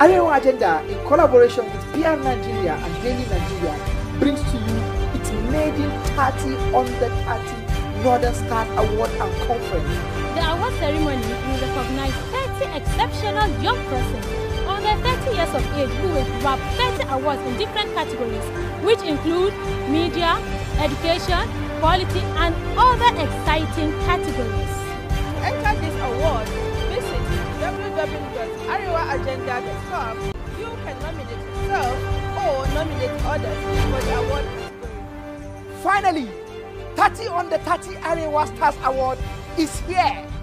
Ariel Agenda, in collaboration with PR Nigeria and Daily Nigeria, brings to you its maiden 30 under 30 Northern Star Award and Conference. The award ceremony will recognize 30 exceptional young persons under 30 years of age who will grab 30 awards in different categories, which include media, education, quality, and other exceptional www.arewaagenda.com, you can nominate yourself or nominate others for the award Finally, 30 on the 30 Arewa Stars Award is here.